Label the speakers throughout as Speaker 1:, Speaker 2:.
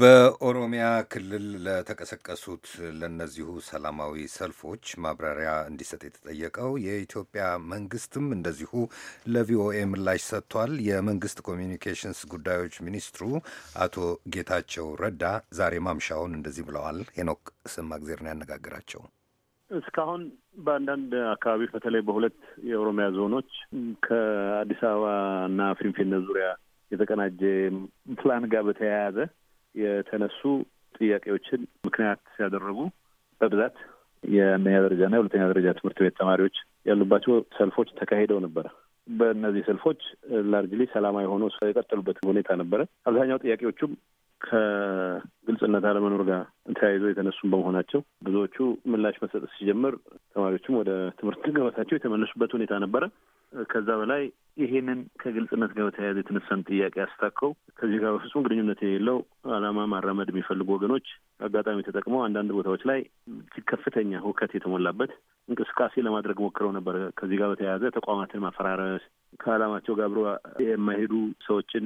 Speaker 1: በኦሮሚያ ክልል ለተቀሰቀሱት ለእነዚሁ ሰላማዊ ሰልፎች ማብራሪያ እንዲሰጥ የተጠየቀው የኢትዮጵያ መንግስትም እንደዚሁ ለቪኦኤ ምላሽ ሰጥቷል። የመንግስት ኮሚኒኬሽንስ ጉዳዮች ሚኒስትሩ አቶ ጌታቸው ረዳ ዛሬ ማምሻውን እንደዚህ ብለዋል። ሄኖክ ስማግዜር ነው ያነጋግራቸው።
Speaker 2: እስካሁን በአንዳንድ አካባቢ በተለይ በሁለት የኦሮሚያ ዞኖች ከአዲስ አበባ እና ፊንፊኔ ዙሪያ የተቀናጀ ፕላን ጋር በተያያዘ የተነሱ ጥያቄዎችን ምክንያት ሲያደረጉ በብዛት የአንደኛ ደረጃና የሁለተኛ ደረጃ ትምህርት ቤት ተማሪዎች ያሉባቸው ሰልፎች ተካሂደው ነበረ። በእነዚህ ሰልፎች ላርጅሊ ሰላማዊ ሆኖ የቀጠሉበት ሁኔታ ነበረ። አብዛኛው ጥያቄዎቹም ከ ግልጽነት አለመኖር ጋር ተያይዞ የተነሱም በመሆናቸው ብዙዎቹ ምላሽ መሰጠት ሲጀምር ተማሪዎችም ወደ ትምህርት ገበታቸው የተመለሱበት ሁኔታ ነበረ። ከዛ በላይ ይሄንን ከግልጽነት ጋር በተያያዘ የተነሳን ጥያቄ አስታከው ከዚህ ጋር በፍጹም ግንኙነት የሌለው ዓላማ ማራመድ የሚፈልጉ ወገኖች አጋጣሚ ተጠቅመው አንዳንድ ቦታዎች ላይ ከፍተኛ ሁከት የተሞላበት እንቅስቃሴ ለማድረግ ሞክረው ነበር። ከዚህ ጋር በተያያዘ ተቋማትን ማፈራረስ፣ ከዓላማቸው ጋር አብሮ የማይሄዱ ሰዎችን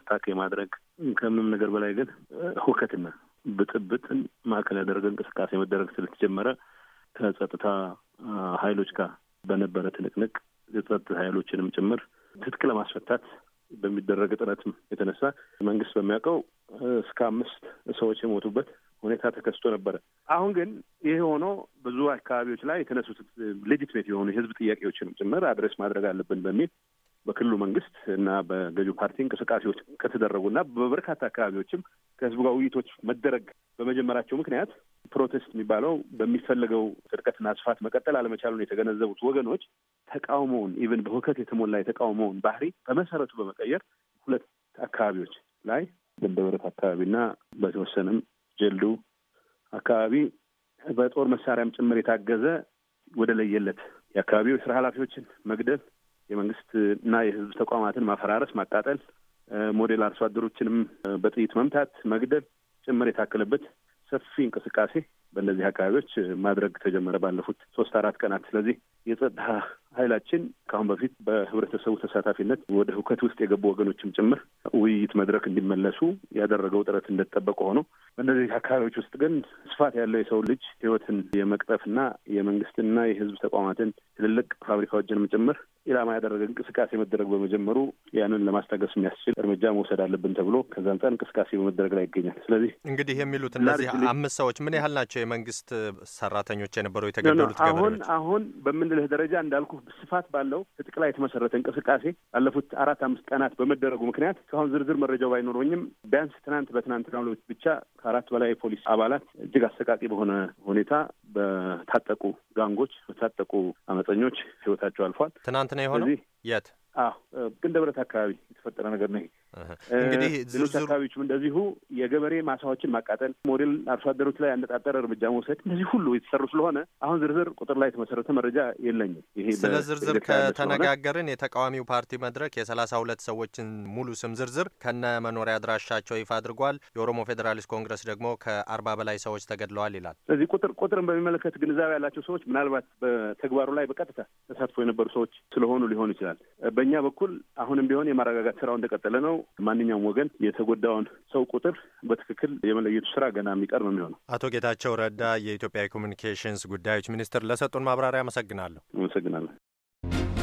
Speaker 2: አታክ የማድረግ ከምንም ነገር በላይ ግን ሁከትና ብጥብጥን ማዕከል ያደረገ እንቅስቃሴ መደረግ ስለተጀመረ ከጸጥታ ኃይሎች ጋር በነበረ ትንቅንቅ የጸጥታ ኃይሎችንም ጭምር ትጥቅ ለማስፈታት በሚደረግ ጥረትም የተነሳ መንግስት በሚያውቀው እስከ አምስት ሰዎች የሞቱበት ሁኔታ ተከስቶ ነበረ። አሁን ግን ይህ ሆኖ ብዙ አካባቢዎች ላይ የተነሱት ሌጂትሜት የሆኑ የህዝብ ጥያቄዎችንም ጭምር አድሬስ ማድረግ አለብን በሚል በክልሉ መንግስት እና በገዢ ፓርቲ እንቅስቃሴዎች ከተደረጉና በበርካታ አካባቢዎችም ከህዝቡ ጋር ውይይቶች መደረግ በመጀመራቸው ምክንያት ፕሮቴስት የሚባለው በሚፈለገው ጥልቀትና ስፋት መቀጠል አለመቻሉን የተገነዘቡት ወገኖች ተቃውሞውን ኢቨን በሁከት የተሞላ የተቃውሞውን ባህሪ በመሰረቱ በመቀየር ሁለት አካባቢዎች ላይ ደንበበረት አካባቢና በተወሰነም ጀልዱ አካባቢ በጦር መሳሪያም ጭምር የታገዘ ወደ ለየለት የአካባቢው የስራ ኃላፊዎችን መግደል የመንግስት እና የህዝብ ተቋማትን ማፈራረስ፣ ማቃጠል፣ ሞዴል አርሶ አደሮችንም በጥይት መምታት፣ መግደል ጭምር የታከለበት ሰፊ እንቅስቃሴ በእነዚህ አካባቢዎች ማድረግ ተጀመረ ባለፉት ሶስት አራት ቀናት። ስለዚህ የጸጥታ ኃይላችን ከአሁን በፊት በህብረተሰቡ ተሳታፊነት ወደ ህውከት ውስጥ የገቡ ወገኖችም ጭምር ውይይት መድረክ እንዲመለሱ ያደረገው ጥረት እንደተጠበቀ ሆኖ በእነዚህ አካባቢዎች ውስጥ ግን ስፋት ያለው የሰው ልጅ ህይወትን የመቅጠፍና የመንግስትና የህዝብ ተቋማትን ትልልቅ ፋብሪካዎችንም ጭምር ኢላማ ያደረገ እንቅስቃሴ መደረግ በመጀመሩ ያንን ለማስታገስ የሚያስችል እርምጃ መውሰድ አለብን ተብሎ ከዛ አንጻር እንቅስቃሴ በመደረግ ላይ
Speaker 1: ይገኛል። ስለዚህ እንግዲህ የሚሉት እነዚህ አምስት ሰዎች ምን ያህል ናቸው? የመንግስት ሰራተኞች የነበሩ የተገደሉት ገበሬዎች አሁን
Speaker 2: አሁን በምንልህ ደረጃ እንዳልኩ ስፋት ባለው ትጥቅ ላይ የተመሰረተ እንቅስቃሴ ባለፉት አራት አምስት ቀናት በመደረጉ ምክንያት እስካሁን ዝርዝር መረጃው ባይኖረኝም ቢያንስ ትናንት በትናንትናው ዕለት ብቻ ከአራት በላይ የፖሊስ አባላት እጅግ አሰቃቂ በሆነ ሁኔታ በታጠቁ ጋንጎች በታጠቁ አመፀኞች ህይወታቸው አልፏል።
Speaker 1: ትናንትና የሆነው። የት?
Speaker 2: አዎ፣ ደብረት አካባቢ የተፈጠረ ነገር ነው። እንግዲህ ሌሎች አካባቢዎችም እንደዚሁ የገበሬ ማሳዎችን ማቃጠል፣ ሞዴል አርሶ አደሮች ላይ ያነጣጠረ እርምጃ መውሰድ፣ እነዚህ ሁሉ የተሰሩ ስለሆነ አሁን ዝርዝር ቁጥር ላይ የተመሰረተ መረጃ የለኝም። ይሄ ስለ ዝርዝር ከተነጋገርን
Speaker 1: የተቃዋሚው ፓርቲ መድረክ የሰላሳ ሁለት ሰዎችን ሙሉ ስም ዝርዝር ከነ መኖሪያ አድራሻቸው ይፋ አድርጓል። የኦሮሞ ፌዴራሊስት ኮንግረስ ደግሞ ከአርባ በላይ ሰዎች ተገድለዋል ይላል።
Speaker 2: ስለዚህ ቁጥር ቁጥርን በሚመለከት ግንዛቤ ያላቸው ሰዎች ምናልባት በተግባሩ ላይ በቀጥታ ተሳትፎ የነበሩ ሰዎች ስለሆኑ ሊሆን ይችላል። በእኛ በኩል አሁንም ቢሆን የማረጋጋት ስራው እንደቀጠለ ነው። ማንኛውም ወገን የተጎዳውን ሰው ቁጥር በትክክል የመለየቱ ስራ ገና የሚቀር ነው የሚሆነው።
Speaker 1: አቶ ጌታቸው ረዳ የኢትዮጵያ የኮሚኒኬሽንስ ጉዳዮች ሚኒስትር ለሰጡን ማብራሪያ አመሰግናለሁ።
Speaker 2: አመሰግናለሁ።